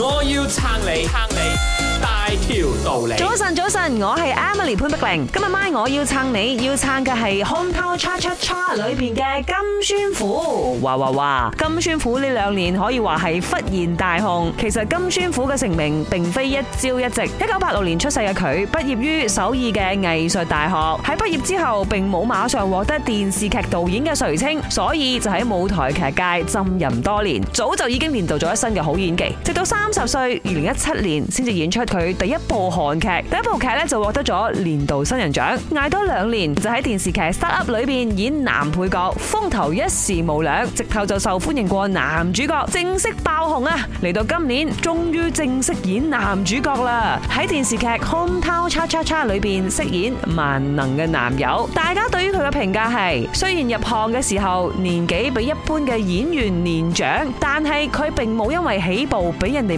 我要撐你撐你大條道理。早晨，早晨，我係 Emily 潘碧玲。今日 m 我要撐你要撐嘅係《Hometown Cha Cha Cha》裏邊嘅金宣虎。哇哇哇！金宣虎呢兩年可以話係忽然大紅。其實金宣虎嘅成名並非一朝一夕。一九八六年出世嘅佢，畢業於首爾嘅藝術大學。喺畢業之後並冇馬上獲得電視劇導演嘅垂青，所以就喺舞台劇界浸淫多年，早就已經練就咗一身嘅好演技。直到三三十歲，二零一七年先至演出佢第一部韓劇，第一部劇咧就獲得咗年度新人獎。捱多兩年，就喺電視劇《Start Up》裏邊演男配角，風頭一時無兩，直頭就受歡迎過男主角，正式爆紅啊！嚟到今年，終於正式演男主角啦，喺電視劇《Home Town Cha Cha Cha》裏邊飾演萬能嘅男友。大家對於佢嘅評價係，雖然入行嘅時候年紀比一般嘅演員年長，但係佢並冇因為起步畀人哋。